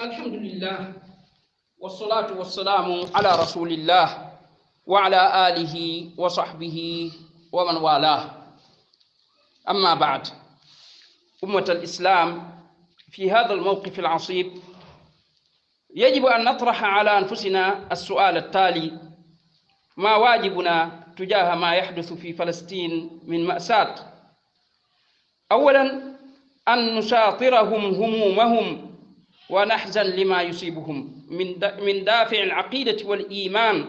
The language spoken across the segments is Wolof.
الحمد لله والصلاة والسلام على رسول الله وعلى آله وصحبه ومن والاه أما بعد أمة الإسلام في هذا الموقف العصيب يجب أن نطرح على أنفسنا السؤال التالي ما واجبنا تجاه ما يحدث في فلسطين من مأساة أولا أن نشاطرهم همومهم ونحزن لما يصيبهم من من دافع العقيدة والإيمان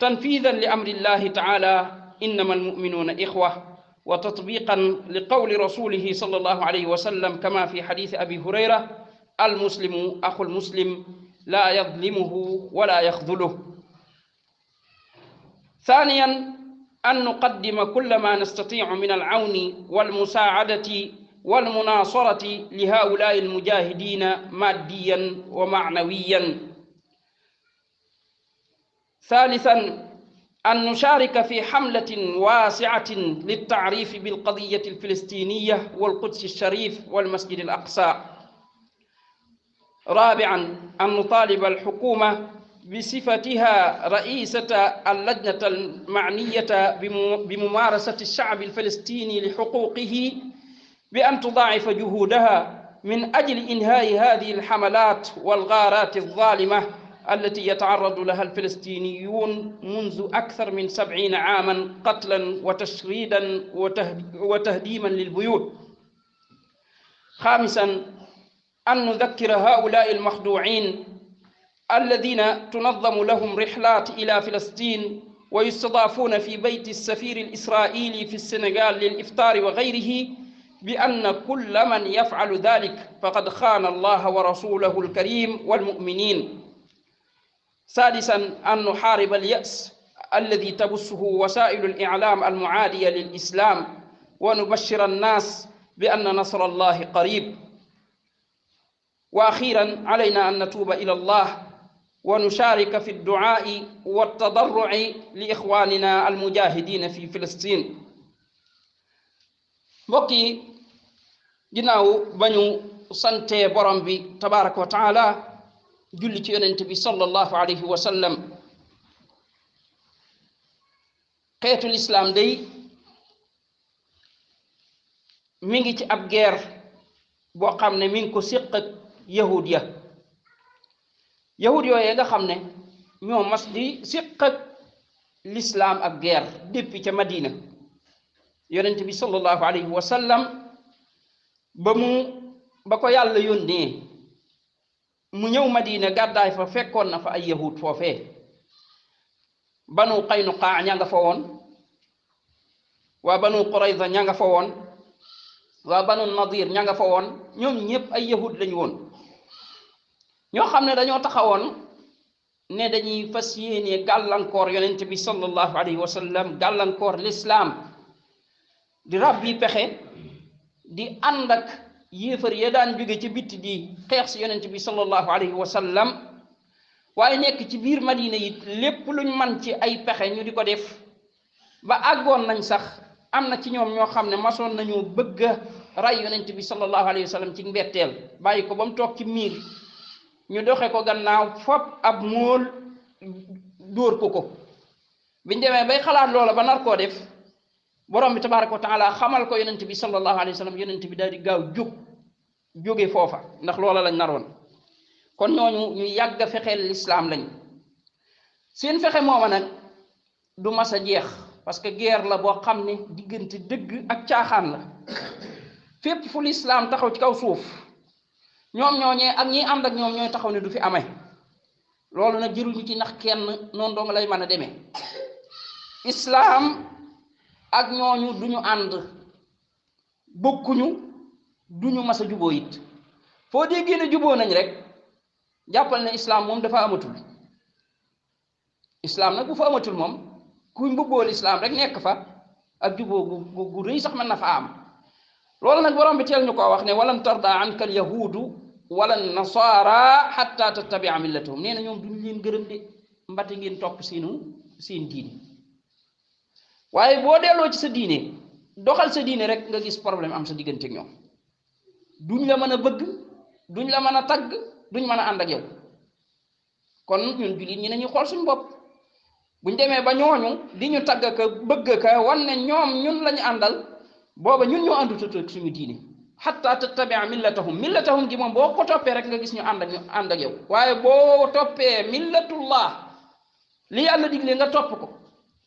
تنفيذا لأمر الله تعالى إنما المؤمنون إخوة وتطبيقا لقول رسوله صلى الله عليه وسلم كما في حديث أبي هريرة المسلم أخو المسلم لا يظلمه ولا يخذله ثانيا أن نقدم كل ما نستطيع من العون والمساعدة والمناصرة لهؤلاء المجاهدين ماديا ومعنويا ثالثا أن نشارك في حملة واسعة للتعريف بالقضية الفلسطينية والقدس الشريف والمسجد الأقصى رابعا أن نطالب الحكومة بصفتها رئيسة اللجنة المعنية بممارسة الشعب الفلسطيني لحقوقه بأن تضاعف جهودها من أجل إنهاء هذه الحملات والغارات الظالمة التي يتعرض لها الفلسطينيون منذ أكثر من سبعين عاما قتلا وتشريدا وتهديما للبيوت خامسا أن نذكر هؤلاء المخدوعين الذين تنظم لهم رحلات إلى فلسطين ويستضافون في بيت السفير الإسرائيلي في السنغال للإفطار وغيره بأن كل من يفعل ذلك فقد خان الله ورسوله الكريم والمؤمنين سادسا أن نحارب اليأس الذي تبثه وسائل الإعلام المعادية للإسلام ونبشر الناس بأن نصر الله قريب وأخيرا علينا أن نتوب إلى الله ونشارك في الدعاء والتضرع لإخواننا المجاهدين في فلسطين mbokk ginnaaw ba ñu santee borom bi tabaraka wa taala julli ci yonent bi sallallahu alayhi wa sallam xeetu lislaam day mi ngi ci ab guerre boo xam ne mi ngi ko séq ak yahud ya yahud yooyee nga xam ne ñoo mas di séq ak lislaam ab guerre depuis ca madina yonent bi sallallahu alayhi wa sallam bamu bako yàlla yónnee mu ñëw madina gaday fa fekkon na fa ay yahud fofé banu qaynuqaa nya nga fa won wa banu qurayza nya nga fa won wa banu nadir nya nga fa won ñom ñépp ay yahud lañ won ño xamne dañu taxawon ne dañuy fasiyene galankor yonent bi sallallahu alayhi wa sallam gàllankoor di rabbi pexe di ànd ak yéefar ya daan jóge ci bitti di xeex si yonent bi sallallahu alayhi wa sallam waaye nekk ci biir madina it lépp luñ man ci ay pexe ñu di ko def ba àggoon nañ sax am na ci ñoom ñoo xam ne masoon nañu bëgg a rey yonent bi sallallahu alayhi wa ci mbetteel bàyyi ko ba mu toog ci miir ñu doxe ko gannaaw fop ab mool dóor ko ko biñ demee bay xalaat loola ba nar koo def borom bi tabaaraku taala xamal ko yonent bi sallallahu alayhi wasallam yonent bi daal di gaaw jug joge fofa ndax loola lañ naroon kon ñooñu ñu yàgg fexeel l'islam lañ seen fexe mooma nag du massa jeex parce que guerre la boo xam ne diggante dëgg ak caaxaan la fépp fu l'islam taxaw ci kaw suuf ñoom ñooñee ak ñiy ànd ak ñoom ñooy taxaw ne du fi amee loolu nag jëruñu ci nax kenn noonu dong lay mën a demee ak ñooñu duñu ànd bokkuñu duñu mas a juboo it foo déggee jubo juboo nañ rek jàppal ne islam moom dafa amatul islam nag bu fa amatul moom ku mbubbool islam rek nekk fa ak juboo gu gu rëy sax mën na fa am loolu nag borom bi teel ñu wax ne walam tarda anka alyahudu wala nasara hatta tattabia millatuhum neena ñoom duñu leen gërëm de mbatte ngeen topp seenu seen diine waaye boo delloo ci sa diine doxal sa diine rek nga gis problème am sa diggante ñoom duñ la mën a bëgg duñ la mën a tagg duñ mën a ànd ak yow kon ñun jullit ñi nañu xool suñu bopp buñ demee ba ñooñu di ñu tagg bëgg ka wan ne ñoom ñun lañu àndal booba ñun ñoo àndu ak suñu diine xatta tattabia millatahum millatahum gi moom boo toppee rek nga gis ñu ànd ak ñu waaye boo toppee millatullah li yàlla digle nga topp ko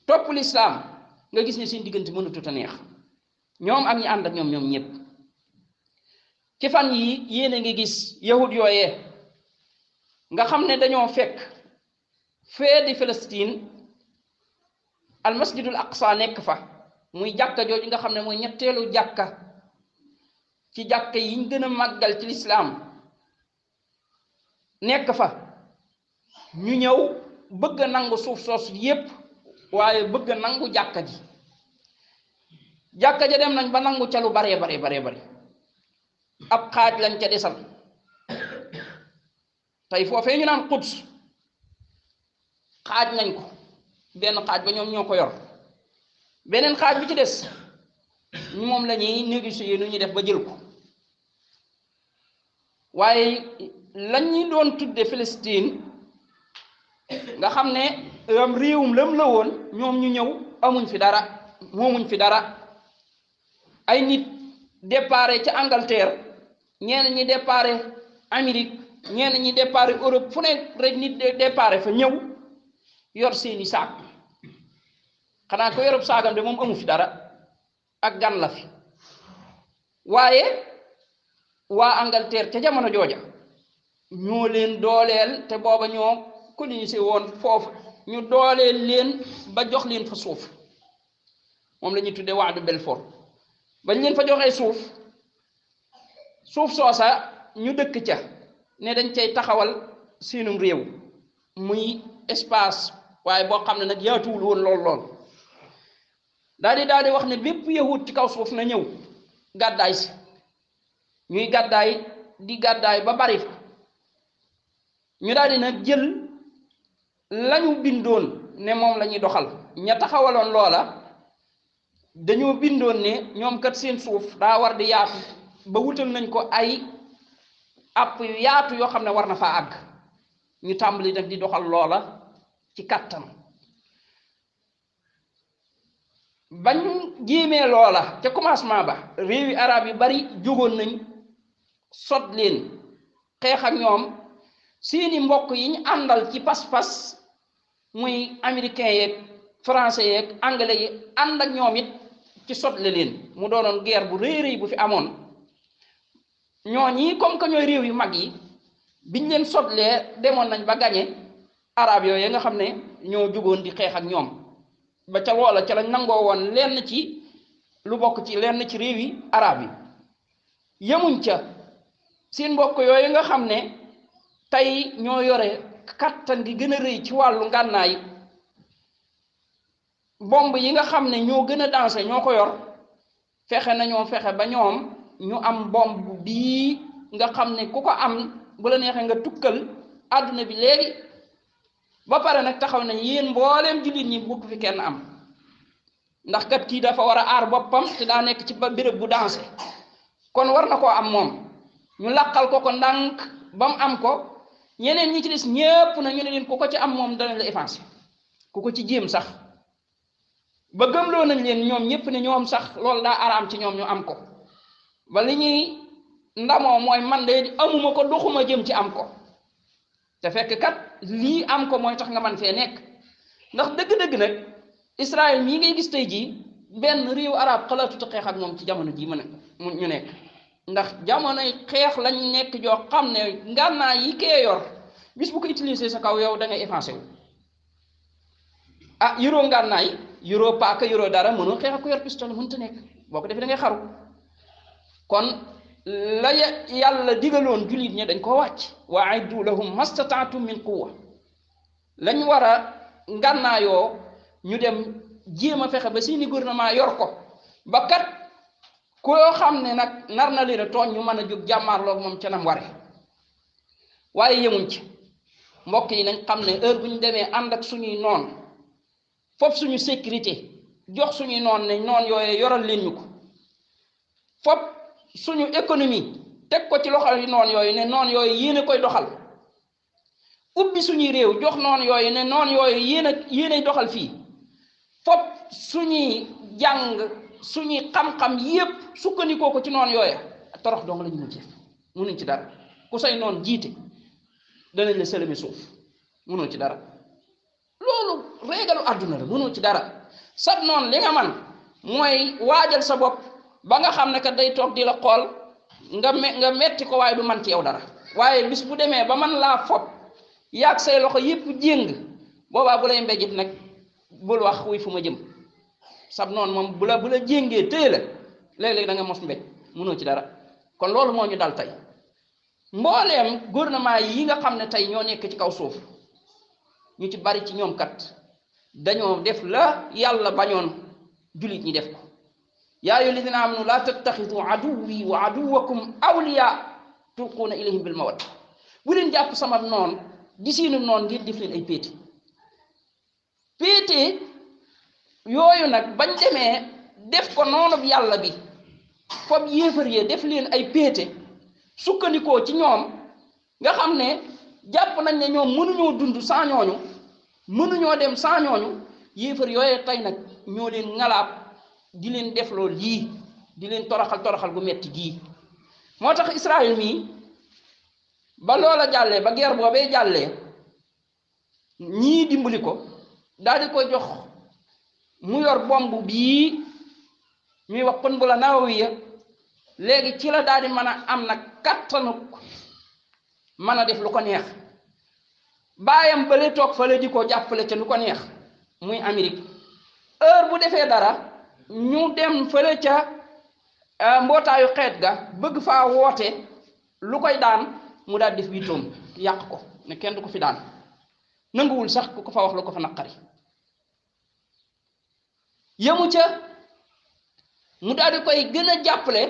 topp lislaam nga gis ne seen diggante mënatut a neex ñoom ak ñi ànd ak ñoom ñoom ñëpp ci fan yi yéene nga gis yahud nga xam dañoo fekk fee di Palestine al masjidul aqsa nekk fa muy jàkka jooju nga xam ne mooy ñetteelu jàkka ci jàkka yiñ gën a màggal ci lislaam nekk fa ñu ñëw bëgg nangu suuf soosu yépp waaye bëgg a nangu jàkka ji jàkka ja dem nañ ba nangu ca lu baree bare baree bari ab xaaj lañ ca desal tey foofee ñu naan Quds xaaj nañ ko benn xaaj ba ñoom ñoo ko yor beneen xaaj bi ci des ñu moom la ñuy négocier nu ñuy def ba jël ko waaye lañ ñuy doon tudde Palestine nga xam ne am réewum lam la woon ñoom ñu ñëw amuñ fi dara moomuñ fi dara ay nit déparé ca Angleterre ñenn ñi déparé Amérique ñenn ñi déparé Europe fu nekk rek nit déparé fa ñëw yor seeni saak xanaa ko yorop saagam de moom amu fi dara ak gan la fi waaye waa Angleterre ca jamono jooja ñoo leen dooleel te booba ñoo colonisé woon foofu ñu doole leen ba jox leen fa suuf moom la ñuy tuddee waadu Belfort bañ leen fa joxee suuf suuf soosa ñu dëkk ca ne dañ cay taxawal seenum réew muy espace waaye boo xam ne nag yaatuwul woon lool lool daal daldi wax ne bépp yahut ci kaw suuf na ñëw gàddaay si ñuy gàddaay di gàddaay ba bari ñu daldi di nag jël. lañu bindoon ne moom lañuy doxal ña taxawaloon loola dañoo bindoon ne ñoom kat seen suuf daa war di yaatu ba wutal nañ ko ay àpp yu yaatu yoo xam ne war na faa àgg ñu tàmbali nag di doxal loola ci kàttan bañ jéemee loola ca commencement ba réewi arab yu bari jógoon nañ sot leen xeex ak ñoom seeni mbokk yi ñu àndal ci pas-pas muy américain yeeg français yeeg anglais yi ànd ak ñoom it ci sotle leen mu doonoon geer bu rëy rëy bu fi amoon ñoo ñii comme que ñooy réew yu mag yi biñ leen sotlee demoon nañ ba gañe arab yooyu nga xam ne ñoo jugoon di xeex ak ñoom ba ca woola ca lañ nangoo woon lenn ci lu bokk ci lenn ci réew yi arab yi yemuñ ca seen mbokk yooyu nga xam ne tay ñoo yore kattan gi gëna a ci walu ngannaay bomb yi nga xam ne ñoo gën a ko yor fexe nañoo fexé ba ñoom ñu am bomb bi nga xam ne ku ko am bu la nexé nga tukkal aduna bi léegi ba paré nak taxaw nañ yeen mbooleem jullit ñi bu fi kenn am ndax kat ki dafa wara ar bopam ci da nek ci bu kon war na am mom ñu laqal ko ko ndank bam am ko ñeneen ñi ci des ñépp na ñu ne leen ku ko ci am moom danañ la effacé ku ko ci jéem sax ba gëm loo nañ leen ñoom ñépp ne ñoom sax loolu daa araam ci ñoom ñu am ko ba li ñuy ndamoo mooy man de amuma ko doxuma jéem ci am ko te fekk kat lii am ko mooy tax nga man fee nekk ndax dëgg-dëgg nag Israël mii ngay gis tey jii benn réew arab xalaatu te xeex ak moom ci jamono jii mën a ñu nekk ndax jamonoy xeex lañ nekk joo xam ne ngànnaay yi kee yor bis bu ko utiliser sa kaw yow da ngay effacé wu ah yoroo ngànnaay yuro paaka yoroo dara mënoo xeex ak ku yor pistolet mënta nekk boo ko defee da ngay xaru kon la yàlla diggaloon jullit ñi dañ ko wàcc wa aiddu lahum mastataatum min quwa lañ war a ngànnaayoo ñu dem jéem a fexe ba seeni gouvernement yor ko ba kat koo xam ne nag nar na leen a tooñ ñu mën a jóg jàmmaarlook moom ca nam ware waaye yemuñ ci mbokk yi nañ xam ne heure bu ñu demee ànd ak suñuy noon foofu suñu sécurité jox suñuy noon ne noon yooyee yoral leen ñu ko fop suñu économie teg ko ci loxo yi noon yooyu ne noon yooyu yéen koy doxal ubbi suñuy réew jox noon yooyu ne noon yooyu yéen a yéen doxal fii fop suñuy jàng suñuy xam-xam yépp sukkandikoo ko ci noon yooya torox dong lañu mujjee munu ci dara ku say noon jiite danañ la sëlami suuf munu ci dara loolu réegalu àdduna la munu ci dara sab noon li nga man mooy waajal sa bopp ba nga xam ne day toog di la xool nga me nga metti ko waaye du man ci yow dara waaye bis bu demee ba man laa fob yaag say loxo yépp jéng boobaa bu lay mbejit nag bul wax wuy fu jëm sab noon moom bu la bu la jéngee téye la léeg-léeg da mos mbéj mënoo ci dara kon loolu moo ñu dal tey mbooleem gouvernement yi nga xam ne tey ñoo nekk ci kaw suuf ñu ci bari ci ñoom kat dañoo def la yàlla bañoon jullit ñi def ko yaa ayyuha alladina amanu laa tattaxidu aduwi wa aduwakum awliya tulquuna ilayhim bil mawadda bu leen jàpp sama noon di siinu noon ngir def ay péete péete yooyu nag bañ demee def ko noonu yàlla bi fob yéefar yee def leen ay péete sukkandikoo ci ñoom nga xam ne jàpp nañ ne ñoom mënuñoo dund sans ñooñu mënuñoo dem sans ñooñu yéefar yooyu tey nag ñoo leen ngalaab di leen def lool lii di leen toroxal toroxal gu metti gii moo tax Israël mii ba loola jàllee ba guerre boobee jàllee ñii dimbali ko daldi di ko jox mu yor bomb bii ñuy wax pën bu la nawawiya léegi ci la daal di mën a am na kattanu mën a def lu ko neex baayam bële toog fële di ko jàppale ca lu ko neex muy Amérique heure bu defee dara ñu dem fële ca euh, mbootaayu xeet ga bëgg faa woote lu koy daan mu daal def witoom yàq ko ne kenn du ko fi daan nanguwul sax ku ko fa wax lu ko fa naqari yëmu ca mu daal koy gën a jàppale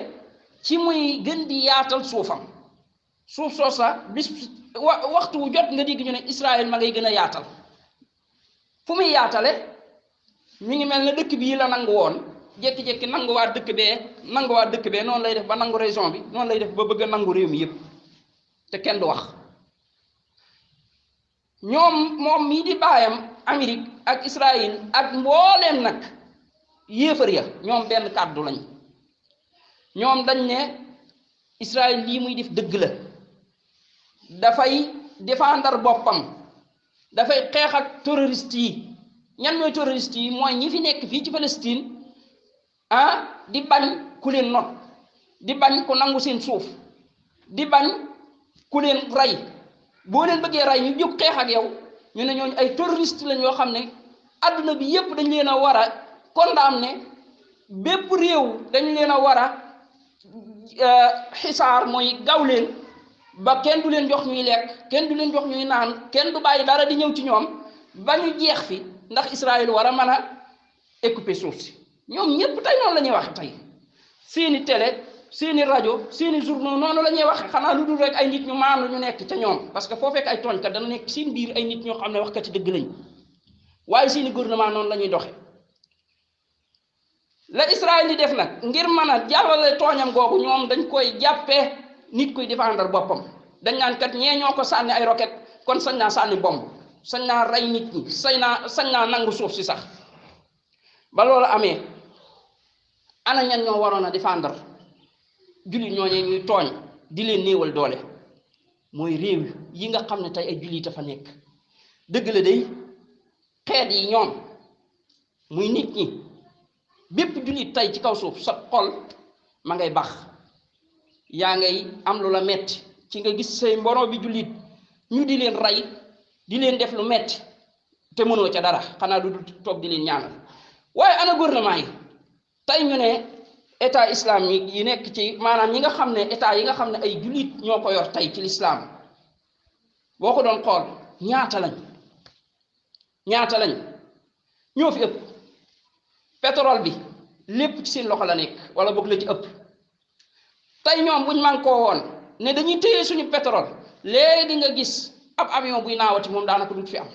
ci muy gën di yaatal suufam suuf soosa bis waxtu wu jot nga dégg ñu ne Israël ma ngay gën a yaatal fu muy yaatale mu ngi mel ne dëkk bii la nangu woon jékki-jékki nanguwaat dëkk bee nanguwaat dëkk bee noonu lay def ba nangu région bi noonu lay def ba bëgg a nangu réew mi yépp te kenn du wax ñoom moom mii di baayam Amérique ak Israël ak mbooleem nag yéefar ya ñoom benn kàddu lañ ñoom dañ ne Israël lii muy def dëgg la dafay défendre boppam dafay xeex ak terroriste yi ñan mooy terroriste yi mooy ñi fi nekk fii ci Palestine ah di bañ ku leen not di bañ ku nangu seen suuf di bañ ku leen rey boo leen bëggee rey ñu jóg xeex ak yow ñu ne ñooñu ay terroriste lañ yoo xam ne àdduna bi yépp dañ leen a war kon am condamné bépp réew dañu leen a war a euh, xisaar mooy gaw leen ba kenn du leen jox ñuy lekk kenn du leen jox ñuy naan kenn du bàyyi dara di ñëw ci ñoom ba ñu jeex fi ndax Israël war a man a écouper suuf si ñoom ñépp tey noonu la ñuy wax tey seeni télé seeni rajo seeni journaux noonu la ñuy wax xanaa lu dul rek ay nit ñu maanu ñu nekk ca ñoom parce que foo fekk ay tooñkat dana nekk seen biir ay nit ñoo xam ne waxkat yi dëgg lañ waaye seeni gouvernement noonu la ñuy doxe la Israël di def nag ngir mën a jàllale tooñam googu ñoom dañ koy jàppe nit kuy défendre boppam dañ naan kat ñee ñoo ko sànni ay roquette kon sañ naa sànni bomb sañ naa rey nit ñi sañ naa sañ nangu suuf si sax ba loolu amee ana ñan ñoo waroon a défendre jullit ñooñee ñuy tooñ di leen néewal doole mooy réew yi nga xam ne tey ay jullit dafa nekk dëgg la day xeet yi ñoom muy nit ñi. bépp jullit tey ci kaw suuf sa xool ma ngay bax yaa ngay am lu la metti ci nga gis say mbooloo bi jullit ñu di leen rey di leen def lu metti te mënoo ca dara xanaa du toog di leen ñaanal waaye ana gouvernement yi tey ñu ne état islamique yi nekk ci maanaam ñi nga xam ne état yi nga xam ne ay jullit ñoo ko yor tey ci lislaam boo ko doon xool ñaata lañ ñaata lañ ñoo fi ëpp pétrole bi lépp ci seen loxo la nekk wala boog la ci ëpp tey ñoom buñ man woon ne dañuy téye suñu pétrole léegi di nga gis ab avion buy naawati moom daanaka dut fi am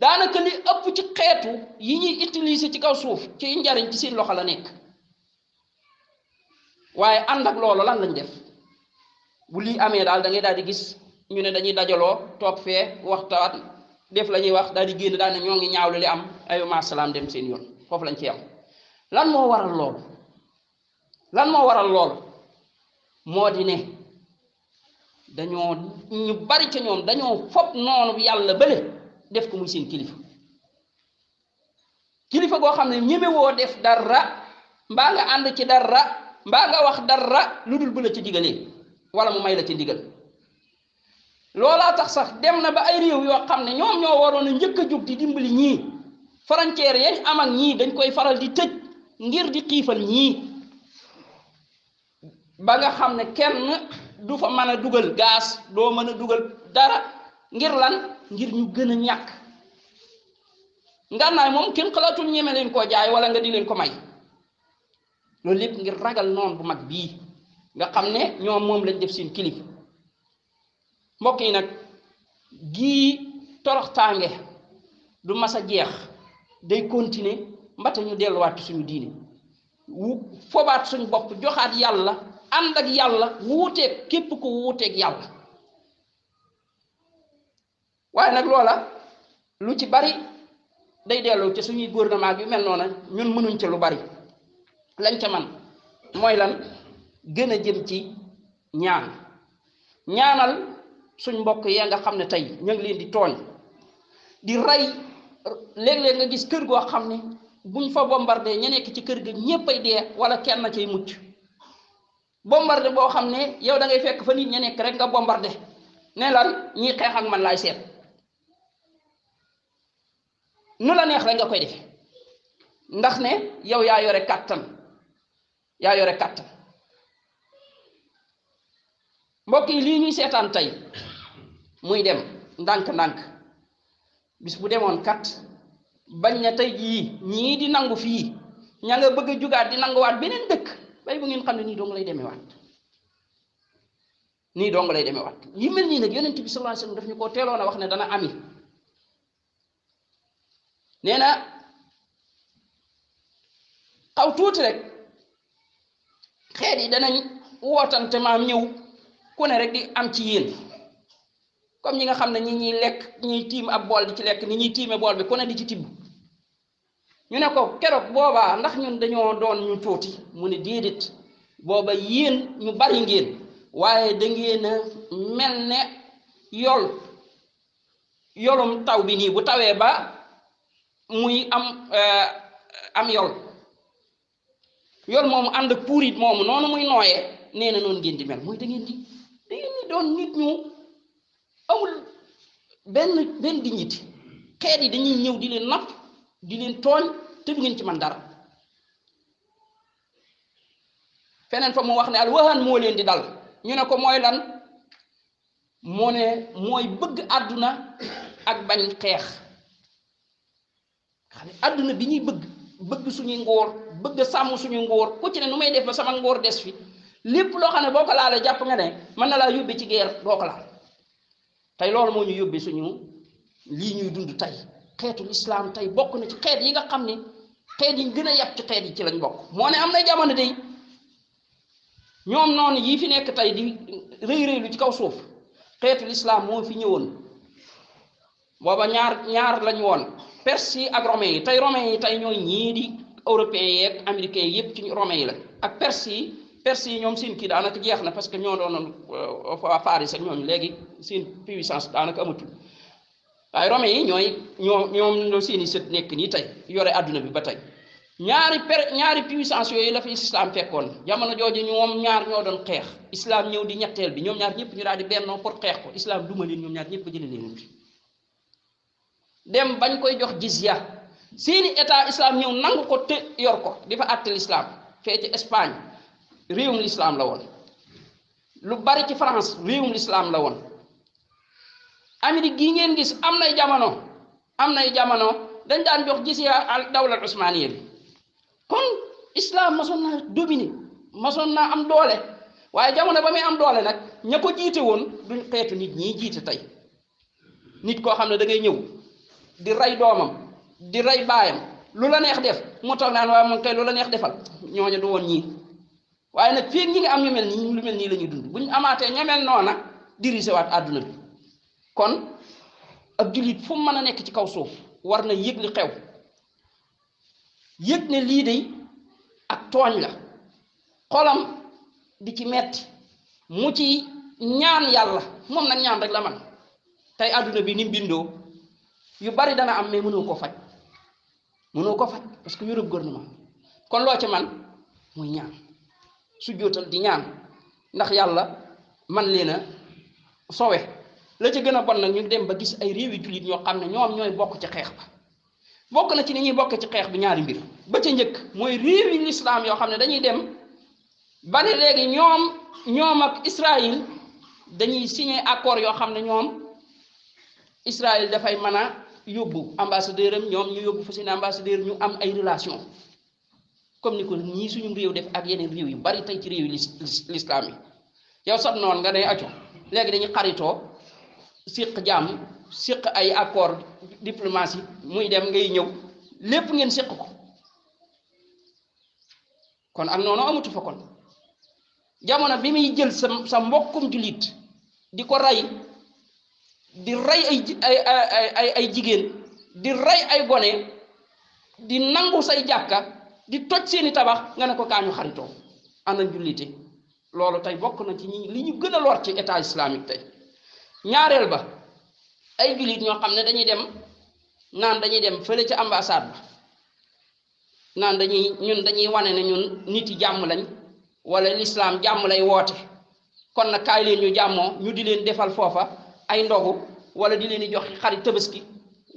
daanaka li ëpp ci xeetu yi ñuy utiliser ci kaw suuf ci njariñ ci seen loxo la nekk waaye ànd ak loolu lan lañ def bu lii amee daal dangay daal di gis ñu ne dañuy dajaloo toog fee waxtaan def lañuy wax daal di génn daal na ñoo ngi ñaawlu li am ayu ma salaam dem seen yoon foofu lañ ci am lan moo waral lool lan moo waral lool moo di ne dañoo ñu bari ci ñoom dañoo fob noonu yàlla bële def ko muy seen kilifa kilifa goo xam ne ñeme woo def dara mbaa nga ànd ci dara mbaa nga wax dara lu bu la ci digalee wala mu may la ci ndigal loolaa tax sax dem na ba ay réew yoo xam ne ñoom ñoo waroon a njëkk a jóg di dimbali ñii frontière yañ amal ñii dañ koy faral di tëj ngir di xiifal ñii ba nga xam ne kenn du fa mën a dugal gaas doo mën a dugal dara ngir lan ngir ñu gën a ñàkk ngànnaay moom kenn xalaatul ñeme leen koo jaay wala nga di leen ko may loolu lépp ngir ragal noon bu mag bii nga xam ne ñoom moom lañ def seen kilifa. mbokk yi nag gii toroxtaange du mas a jeex day continuer mbata ñu delluwaat suñu diine wu fobaat suñu bopp joxaat yàlla ànd ak yàlla wuuteeg képp ko wuuteek yàlla waaye nag loola lu ci bari day dellu ci suñuy gouvernement yu mel noona ñun mënuñ ci lu bari lañ ca man mooy lan gën a jëm ci ñaan ñaanal suñ mbokk yee nga xam ne tey ñu ngi leen di tooñ di rey léeg-léeg nga gis kër goo xam ne buñ fa bombardé ña nekk ci kër ga ñéppay dee wala kenn cay mujj bombardé boo xam ne yow dangay fekk fa nit ña nekk rek nga bombarde ne lan ñii xeex ak man laay seet nu la neex rek nga koy defe ndax ne yow yaa yore kàttan yaa yore kàttan mbokk yi lii ñuy seetaan tey muy dem ndànk-ndànk bis bu demoon kat bañ na tey jii ñii di nangu fii ña nga bëgg a jugaat di nanguwaat beneen dëkk bay bu ngeen xam ne nii dong lay demewaat nii dong lay demewaat yi mel nii nag yonent bi sallallahu alayhi wasallam daf ñu koo teeloon a wax ne dana ami nee na xaw tuuti rek xeet yi danañ wootante maam ñëw ku ne rek di am ci yéen comme ñi nga xam ne ñi ñuy lekk ñuy tiim ab bool di ci lekk ni ñuy tiime bool bi ku ne di ci tibb ñu ne ko keroog boobaa ndax ñun dañoo doon ñu tuuti mu ne déedéet booba yéen ñu bari ngéen waaye da ngeen a mel ne yol yolum taw bi nii bu tawee ba muy am eh, am yol yol moomu ànd ak puurit moomu noonu muy nooyee nee na noonu ngeen di mel mooy da di doon nit ñu amul benn benn dignité xeet yi dañuy ñëw di leen napp di leen tooñ te du ngeen ci man dara feneen fa mu wax ne alwahan moo leen di dal ñu ne ko mooy lan moo ne mooy bëgg àdduna ak bañ xeex xam ne àdduna bi ñuy bëgg bëgg suñuy ngóor bëgg sàmm suñu ngóor ku ci ne nu may def ba sama ngóor des fi lépp loo xam ne boo ko laalee jàpp nga ne mën na laa yóbbi ci guerre boo laa tey loolu moo ñu yóbbi suñu lii ñuy dund tey xeetu lislaam tey bokk na ci xeet yi nga xam ni xeet yi gën a yàpp ci xeet ci lañ bokk moo ne am na jamono day ñoom noonu yii fi nekk tey di rëy lu ci kaw suuf xeetu lislaam moo fi ñëwoon booba ñaar ñaar lañu woon perse yi ak romain yi tey romain yi tey ñoo ñii di européens yeeg américains yépp ci romain yi la ak perse yi perce yi ñoom seen kii daanaka jeex na parce que ñoo doonoon waa euh, Faris ak ñooñu léegi seen puissance daanaka amatul waaye Romain yi ñooy ñoo ñoom seen i sët nekk nii tey yore àdduna bi ba tey ñaari per ñaari puissance yooyu la fi islam fekkoon jamono jooju ñoom ñaar ñoo doon xeex islam ñëw di ñetteel bi ñoom ñaar ñëpp ñu daal di bennoo pour xeex ko islam duma leen ñoom ñaar ñëpp jëlee leen fi dem bañ koy jox jizya seeni état islam ñëw nangu ko te yor ko di fa àttal islam fee ci Espagne. réewum lislaam la woon lu bari ci France réewum lislaam la woon Amérique gii ngeen gis am na nay jamono am na nay jamono dañ daan jox gis ya al dawla usmaniya bi kon islam masoon naa dominer masoon naa am doole waaye jamono ba muy am doole nag ña ko jiite woon duñ xeetu nit ñi jiite tey nit koo xam ne dangay ñëw di rey doomam di rey baayam lu la neex def mu toog naan waaye moom kay lu la neex defal ñooñu du woon ñii waaye nag fii ñi nga am ñu mel nii lu mel nii la ñuy dund bu ñu amaatee ña mel noona diriger àdduna bi kon ak jullit fu mu mën a nekk ci kaw suuf war na yëg li xew yëg ne lii de ak tooñ la xolam di ci metti mu ci ñaan yàlla moom nag ñaan rek la man tey àdduna bi ni bindoo yu bari dana am mais mënoo ko faj mënoo ko faj parce que yorub gouvernement kon loo ci man muy ñaan sujjóotal di ñaan ndax yàlla man leen a sowe la ci gën a bon nag ñu dem ba gis ay réewi jullit ñoo xam ne ñoom ñooy bokk ci xeex ba bokk na ci ni ñuy bokk ci xeex bi ñaari mbir ba ca njëkk mooy réewi lislaam yoo xam ne dañuy dem ba ne léegi ñoom ñoom ak Israël dañuy signé accord yoo xam ne ñoom Israël dafay mën a yóbbu ambassadeur am ñoom ñu yóbbu fu fa seen ambassadeur ñu am ay relation comme ni ko ñii suñu réew def ak yeneen réew yu bari tey ci réew yi lislaam yi yow sax noonu nga day aco léegi dañuy xaritoo siq jàmm siq ay accord diplomatie muy dem ngay ñëw lépp ngeen siq ko kon ak noonu amatu fa kon jamono bi muy jël sa sa mbokkum jullit di ko rey di rey ay jigéen di rey ay gone di nangu say jàkka di toj seeni tabax nga ne ko kaa ñu xaritoo ana njullite loolu tey bokk na ci ñi li ñu gën a lor ci état islamique tey ñaareel ba ay jullit ñoo xam ne dañuy dem naan dañuy dem fële ci ambassade ba naan dañuy ñun dañuy wane ne ñun nit yi jàmm lañ wala lislaam jàmm lay woote kon na kaay leen ñu jàmmoo ñu di leen defal foofa ay ndogu wala di leen di jox xarit tabaski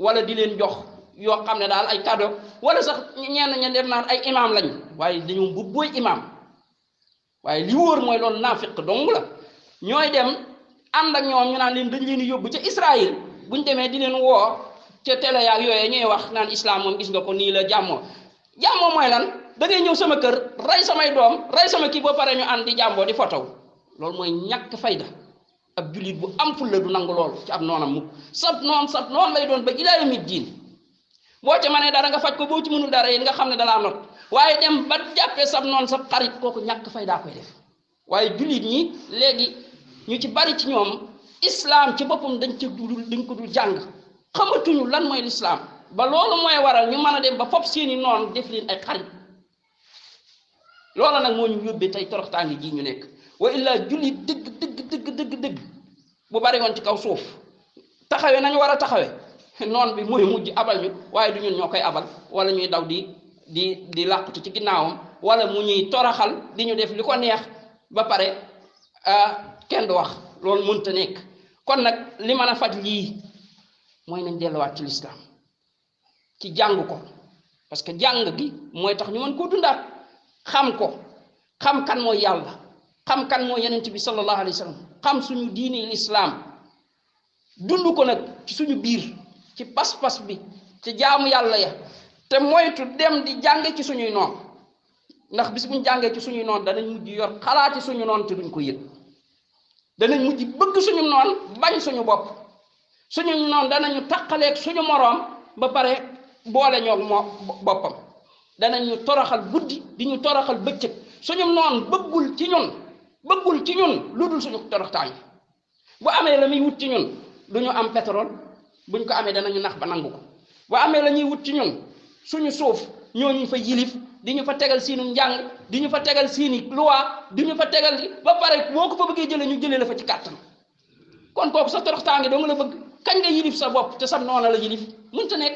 wala di leen jox yoo xam ne daal ay kàddu wala sax ñenn ña dem naan ay imaam lañ waaye dañu bu booy imaam waaye li wóor mooy loolu naafiq dong la ñooy dem ànd ak ñoom ñu naan leen dañ leen di yóbbu ca bu buñ demee di leen woo ca télé yaag yooyee ñuy wax naan islam moom gis nga ko nii la jàmmoo jàmmoo mooy lan da ngay ñëw sama kër rey samay doom rey sama kii ba pare ñu ànd di jàmboo di fotow loolu mooy ñàkk fayda ak jullit bu am fulla du nangu loolu ci ab noonam mukk sab noon sab noon lay doon ba ilaa bo ci mané dara nga fajj ko bo ci mënul dara yi nga xamné da la not waye dem ba jappé sab non sab xarit koku ñak fay da koy def waye julit ñi légui ñu ci bari ci ñom islam ci bopum dañ ci dul dañ ko dul jàng xamatuñu lan moy l'islam ba lolu moy waral ñu mëna dem ba fop seeni non def li ay xarit lolu nak mo ñu tay torox dig gi ñu nek wa illa julit deug deug deug deug deug bu bari won ci kaw suuf taxawé nañu wara taxawé noon bi muy mujj abal ñu waaye du ñun ñoo koy abal wala ñuy daw di di di làqutu ci ginnaawam walla mu ñuy toraxal di ñu def li ko neex ba pare ah, kenn du wax loolu mënta nekk kon nag li mën a faj lii mooy nañ delluwaat ci lislaam ci jàng ko parce que jàng gi mooy tax ñu mën koo dundaat xam ko xam kan mooy yàlla xam kan mooy yonent bi sallallahu alayhi wa sallam xam suñu diini lislaam dund ko nag ci suñu biir ci pas-pas bi ci jaamu yàlla ya te moytu dem di jànge ci suñuy noon ndax bis buñ jàngee ci suñuy noon danañ mujj yor xalaati suñu noon te duñ ko yëg danañ mujj bëgg suñu noon bañ suñu bopp suñu noon danañu taqaleeg suñu moroom ba pare boole ñoo moo boppam danañu toroxal guddi di ñu toroxal bëccëg suñu noon bëggul ci ñun bëggul ci ñun lu dul suñu toroxtaan bu amee la mi wut ci ñun du ñu am pétrole buñ ko amé danañu nax ba nangu wa amé lañuy la wut ci ñun suñu suuf ñooñu fa yilif diñu fa tégal siinu jang diñu fa tégal siini loi di fa tégal ba paré boo fa bëggé jël ñu jëlee la fa ci carton kon koku sa toroxtaange do nga la bëgg kañ nga yilif sa bop te sa nona la yilif mun ta nek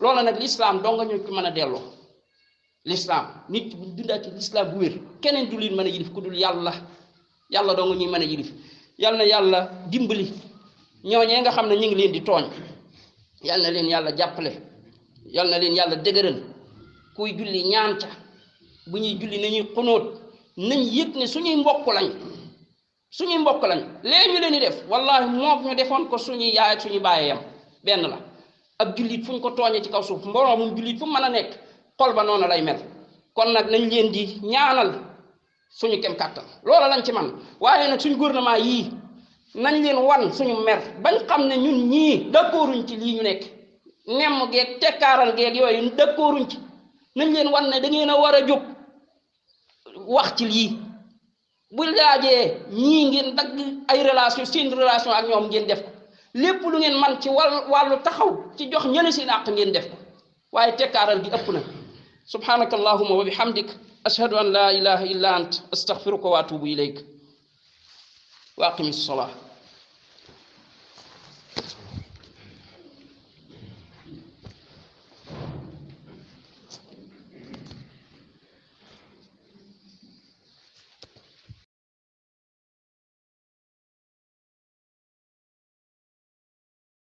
loolu nag l'islam do nga ñu ko mëna délo l'islam nit ki buñ ci l'islam bu wër keneen du leen mëna yilif ku dul yalla yalla do nga ñuy mëna yilif yalla yalla dimbali ñooñee nga xam ne ñu ngi leen di tooñ yàlla na leen yàlla jàppale yal na leen yàlla dëgëral kuy julli ñaan bu ñuy julli nañuy xunóot nañ yëg ne suñuy mbokk lañ suñuy mbokk lañ lee ñu leen di def wallahi moom ñu defoon ko suñuy yaay ak suñuy yam benn la ab jullit fu ko tooñee ci kaw suuf mboromum jullit fu mu mën a nekk xol ba noonu lay mel kon nag nañ leen di ñaanal suñu kem kàttan loola lañ ci man waaye nag suñu gouvernement yii nañ leen wan suñu mer bañ xam ne ñun ñii dëkkooruñ ci lii ñu nekk nemm geeg tekkaaral geeg yooyu dëkkooruñ ci nañ leen wan ne da ngeen a war a jóg wax ci lii bu laajee ñii ngeen dagg ay relation seen relation ak ñoom ngeen def lépp lu ngeen man ci wàll wàllu taxaw ci jox ñële seen àq ngeen def waaye tekkaaral gi ëpp na subhanaka allahuma wa bihamdik ashhadu an laa ilaha illa ant astaghfiruka wa atubu ilayk wa aqimi salaa